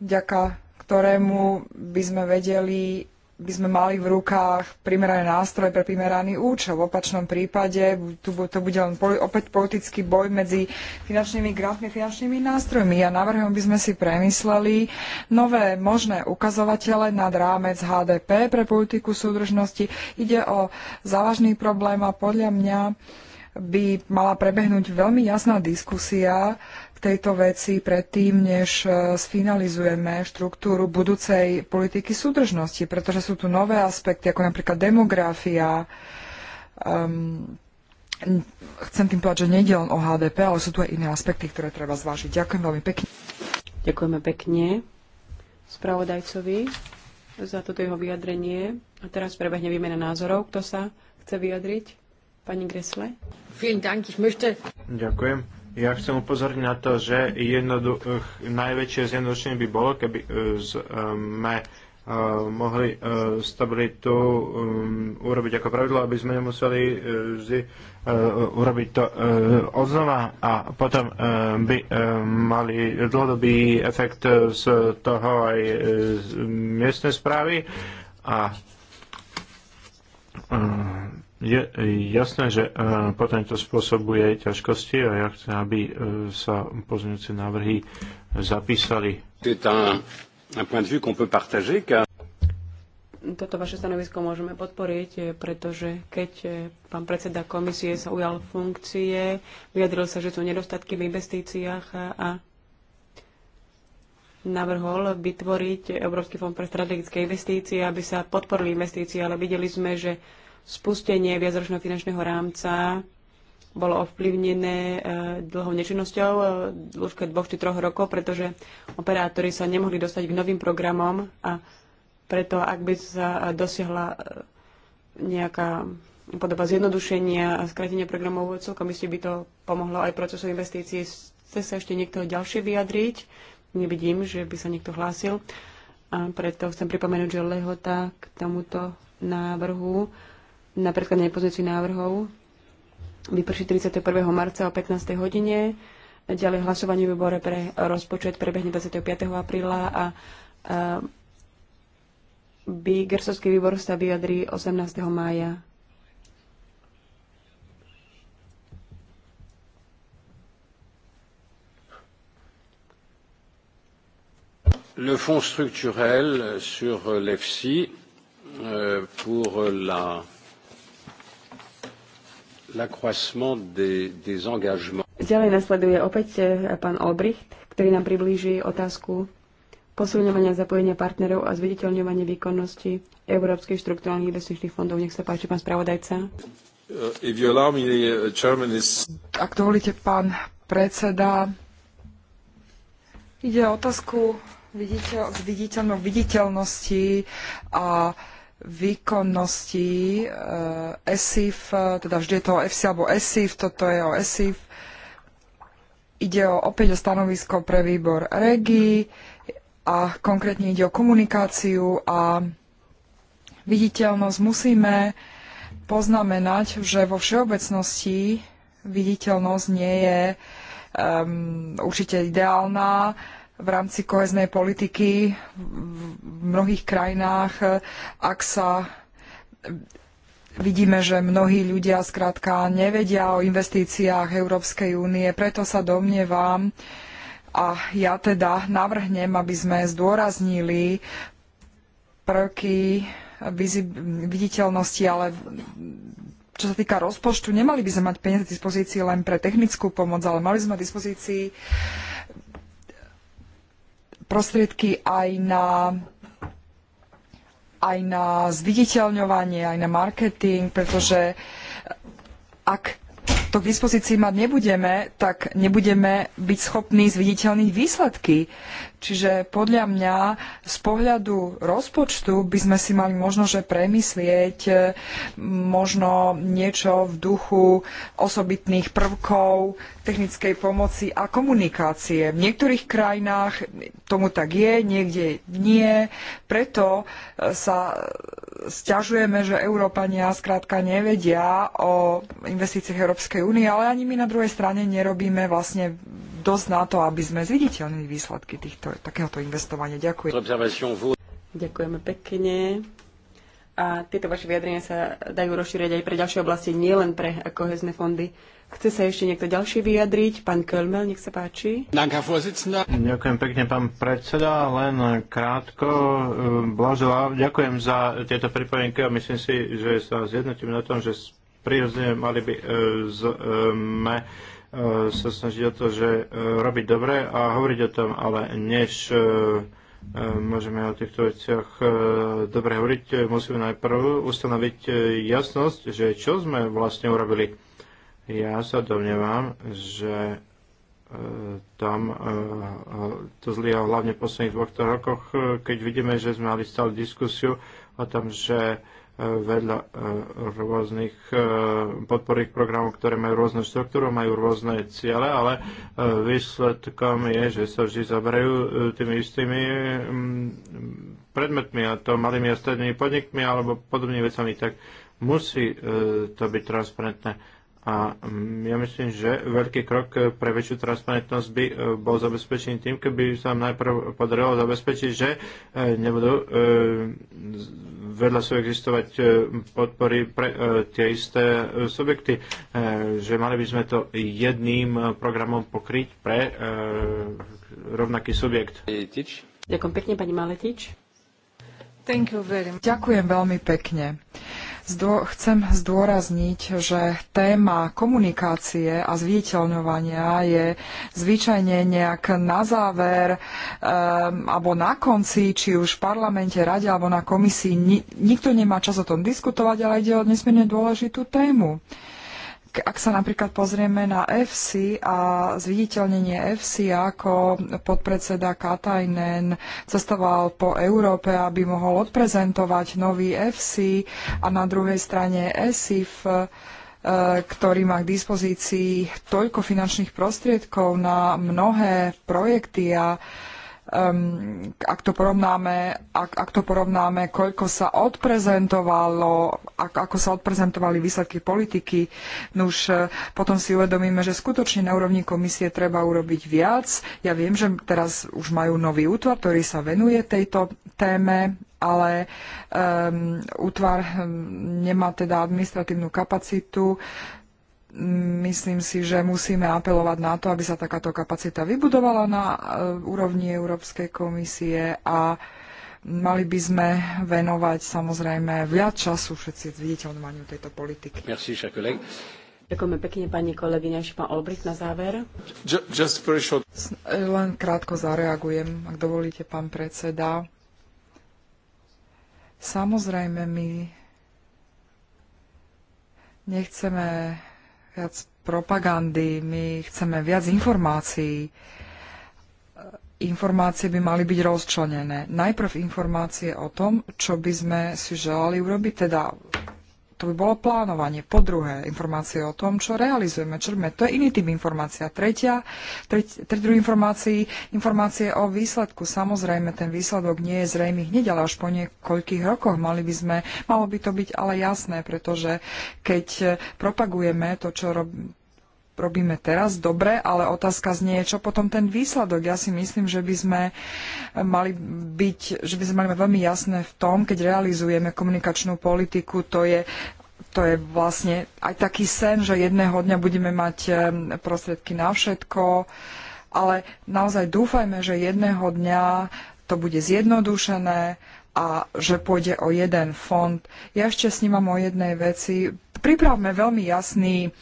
[SPEAKER 4] vďaka ktorému by sme vedeli, by sme mali v rukách primerané nástroje pre primeraný účel. V opačnom prípade tu, to bude len poli, opäť politický boj medzi finančnými grafmi a finančnými nástrojmi. a navrhujem, by sme si premysleli nové možné ukazovatele nad rámec HDP pre politiku súdržnosti. Ide o závažný problém a podľa mňa by mala prebehnúť veľmi jasná diskusia tejto veci predtým, než e, sfinalizujeme štruktúru budúcej politiky súdržnosti, pretože sú tu nové aspekty, ako napríklad demografia. Um, chcem tým povedať, že nejde len o HDP, ale sú tu aj iné aspekty, ktoré treba zvážiť. Ďakujem veľmi pekne. Ďakujeme pekne spravodajcovi
[SPEAKER 2] za toto jeho vyjadrenie. A teraz prebehne výmena názorov. Kto sa chce vyjadriť? Pani Gresle?
[SPEAKER 3] Ďakujem. Ja chcem upozorniť na to, že jednoduch, eh, najväčšie zjednodušenie by bolo, keby eh, sme eh, mohli stabilitu urobiť ako pravidlo, aby sme nemuseli vždy urobiť to odznova a potom by mali dlhodobý efekt z toho aj miestne správy a je jasné, že e, potom to spôsobuje ťažkosti a ja chcem, aby e, sa pozmeňujúce návrhy zapísali.
[SPEAKER 2] Toto vaše stanovisko môžeme podporiť, pretože keď e, pán predseda komisie sa ujal funkcie, vyjadril sa, že sú nedostatky v investíciách a navrhol vytvoriť Európsky fond pre strategické investície, aby sa podporili investície, ale videli sme, že spustenie viacročného finančného rámca bolo ovplyvnené e, dlhou nečinnosťou e, už dĺžke dvoch či troch rokov, pretože operátori sa nemohli dostať k novým programom a preto, ak by sa dosiahla e, nejaká podoba zjednodušenia a skratenia programov, celkom isté by to pomohlo aj procesu investícií. Chce sa ešte niekto ďalšie vyjadriť? Nevidím, že by sa niekto hlásil. A preto chcem pripomenúť, že lehota k tomuto návrhu na predkladanie pozmeňujúcich návrhov vyprší 31. marca o 15. hodine. Ďalej hlasovanie výbore pre rozpočet prebehne 25. apríla a, a by Gersovský výbor sa vyjadrí 18. mája.
[SPEAKER 1] Le fonds structurel sur l'EFSI euh, pour la
[SPEAKER 2] Ďalej nasleduje opäť e, pán Olbricht, ktorý nám priblíži otázku posilňovania zapojenia partnerov a zviditeľňovanie výkonnosti európskych štruktúrnych investičných fondov. Nech sa páči, pán spravodajca.
[SPEAKER 1] Uh, uh,
[SPEAKER 4] Ak dovolíte, pán predseda, ide o otázku viditeľ, viditeľnosti a výkonnosti ESIF, eh, e teda vždy je to o e EFSI alebo ESIF, toto je o ESIF. Ide o, opäť o stanovisko pre výbor REGI a konkrétne ide o komunikáciu a viditeľnosť. Musíme poznamenať, že vo všeobecnosti viditeľnosť nie je um, určite ideálna v rámci koheznej politiky v mnohých krajinách, ak sa vidíme, že mnohí ľudia skrátka nevedia o investíciách Európskej únie, preto sa domnievam a ja teda navrhnem, aby sme zdôraznili prvky viditeľnosti, ale čo sa týka rozpočtu, nemali by sme mať peniaze v dispozícii len pre technickú pomoc, ale mali sme v dispozícii prostriedky aj na aj na zviditeľňovanie, aj na marketing, pretože ak to k dispozícii mať nebudeme, tak nebudeme byť schopní zviditeľniť výsledky. Čiže podľa mňa z pohľadu rozpočtu by sme si mali možno, že premyslieť e, možno niečo v duchu osobitných prvkov, technickej pomoci a komunikácie. V niektorých krajinách tomu tak je, niekde nie. Preto e, sa sťažujeme, že Európania skrátka nevedia o investíciách Európskej únie, ale ani my na druhej strane nerobíme vlastne dosť na to, aby sme zviditeľnili výsledky týchto takéhoto investovania. Ďakujem. Ďakujeme pekne. A tieto vaše vyjadrenia sa dajú rozšíriť aj pre ďalšie
[SPEAKER 2] oblasti, nielen pre kohezné fondy. Chce sa ešte niekto ďalší vyjadriť? Pán Kölmel, nech sa
[SPEAKER 3] páči. Ďakujem pekne, pán predseda. Len krátko, eh, Blažová, Ďakujem za tieto pripojenky a myslím si, že sa zjednotím na tom, že prirodzene mali by sme eh, eh, E, sa snažiť o to, že e, robiť dobre a hovoriť o tom, ale než e, môžeme o týchto veciach dobre hovoriť, musíme najprv ustanoviť jasnosť, že čo sme vlastne urobili. Ja sa domnievam, že tam to zlyhalo hlavne v posledných dvoch rokoch, keď vidíme, že sme mali stále diskusiu o tom, že vedľa e, rôznych e, podporných programov, ktoré majú rôznu štruktúru, majú rôzne ciele, ale e, výsledkom je, že sa vždy zaberajú tými istými mm, predmetmi, a to malými a strednými podnikmi alebo podobnými vecami, tak musí to byť transparentné a mm, ja myslím, že veľký krok pre väčšiu transparentnosť by e, bol zabezpečený tým, keby sa nám najprv podarilo zabezpečiť, že e, nebudú e, vedľa sú existovať podpory pre tie isté subjekty, že mali by sme to jedným programom pokryť pre rovnaký subjekt. Ďakujem
[SPEAKER 4] pekne, pani Maletič. Ďakujem veľmi pekne chcem zdôrazniť, že téma komunikácie a zviteľňovania je zvyčajne nejak na záver um, alebo na konci, či už v parlamente, rade alebo na komisii. Ni- nikto nemá čas o tom diskutovať, ale ide o nesmierne dôležitú tému. Uh, ak sa napríklad pozrieme na FC a zviditeľnenie FC, ako podpredseda Katajnen cestoval po Európe, aby mohol odprezentovať nový FC a na druhej strane ESIF, e, ktorý má k dispozícii toľko finančných prostriedkov na mnohé projekty a um, ak, to porovnáme, ak, ak to porovnáme, koľko sa odprezentovalo, ak, ako sa odprezentovali výsledky politiky, no už e, potom si uvedomíme, že skutočne na úrovni komisie treba urobiť viac. Ja viem, že teraz už majú nový útvar, ktorý sa venuje tejto téme, ale um, útvar ehm, nemá teda administratívnu kapacitu. Um, myslím si, že musíme apelovať na to, aby sa takáto kapacita vybudovala na e, úrovni Európskej komisie a mali by sme venovať samozrejme viac času všetci zviditeľňovaniu tejto politiky. Merci, Ďakujeme pekne pani kolegyňa Špa Olbrich na záver.
[SPEAKER 1] Just very short.
[SPEAKER 4] E, len krátko zareagujem, ak dovolíte, pán predseda. Samozrejme, my nechceme viac propagandy, my chceme viac informácií. Informácie by mali byť rozčlenené. Najprv informácie o tom, čo by sme si želali urobiť, teda to by bolo plánovanie. Po druhé, informácie o tom, čo realizujeme, čo robíme. To je iný typ informácia. Tretia, tretí druh informácií, informácie o výsledku. Samozrejme, ten výsledok nie je zrejmy hneď, ale až po niekoľkých rokoch mali by sme, malo by to byť ale jasné, pretože keď propagujeme to, čo robíme, robíme teraz, dobre, ale otázka znie, čo potom ten výsledok. Ja si myslím, že by sme mali byť, že by sme mali veľmi jasné v tom, keď realizujeme komunikačnú politiku, to je to je vlastne aj taký sen, že jedného dňa budeme mať eh, prostriedky na všetko, ale naozaj dúfajme, že jedného dňa to bude zjednodušené, a že pôjde o jeden fond. Ja ešte snímam o jednej veci. Pripravme veľmi jasný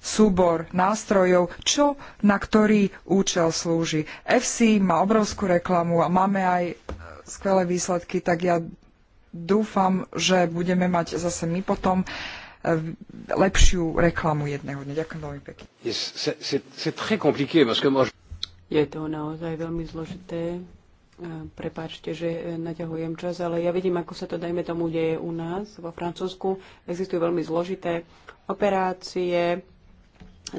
[SPEAKER 4] súbor nástrojov, čo na ktorý účel slúži. FC má obrovskú reklamu a máme aj e, skvelé výsledky, tak ja dúfam, že budeme mať zase my potom e, lepšiu reklamu jedného dňa. Ďakujem veľmi pekne.
[SPEAKER 2] Je to naozaj veľmi zložité. E, prepáčte, že naťahujem čas, ale ja vidím, ako sa to, dajme tomu, deje u nás. Vo Francúzsku existujú veľmi zložité operácie,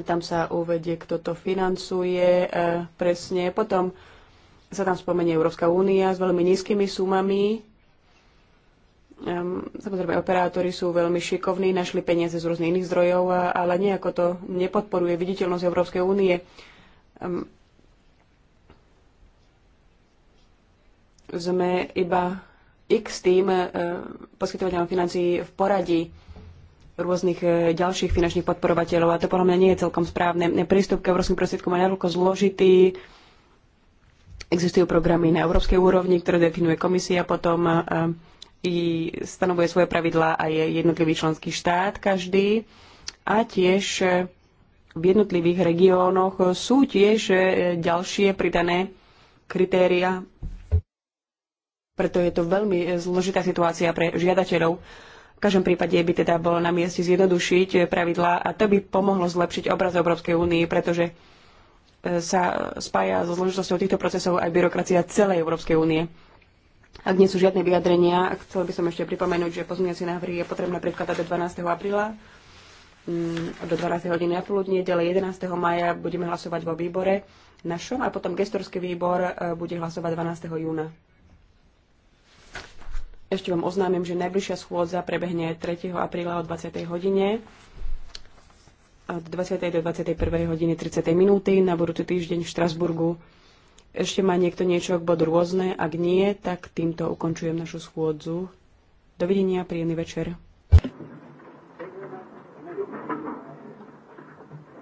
[SPEAKER 2] tam sa uvedie, kto to financuje e, presne. Potom sa tam spomenie Európska únia s veľmi nízkymi sumami. Ehm, samozrejme, operátori sú veľmi šikovní, našli peniaze z rôznych iných zdrojov, ale nejako to nepodporuje viditeľnosť Európskej únie. Ehm, sme iba x tým e, poskytovateľom financií v poradí rôznych e, ďalších finančných podporovateľov a to podľa mňa nie je celkom správne. Prístup k európskym prostriedkom je naľko zložitý. Existujú programy na európskej úrovni, ktoré definuje komisia, potom e, i stanovuje svoje pravidlá a je jednotlivý členský štát každý. A tiež e, v jednotlivých regiónoch sú tiež ďalšie pridané kritéria. Preto je to veľmi zložitá situácia pre žiadateľov každom prípade by teda bolo na mieste zjednodušiť eh, pravidlá a to by pomohlo zlepšiť obraz Európskej únie, pretože eh, sa spája so zložitosťou týchto procesov aj byrokracia celej Európskej únie. Ak nie sú žiadne vyjadrenia, chcel by som ešte pripomenúť, že pozmeňovacie návrhy je potrebné predkladať do 12. apríla mm, do 12. hodiny na poludne, ďalej 11. maja budeme hlasovať vo výbore našom a potom gestorský výbor eh, bude hlasovať 12. júna. Ešte vám oznámim, že najbližšia schôdza prebehne 3. apríla o 20. hodine od 20. do 21. hodiny 30. minúty na budúci týždeň v Štrasburgu. Ešte má niekto niečo k bodu rôzne? Ak nie, tak týmto ukončujem našu schôdzu. Dovidenia, príjemný večer.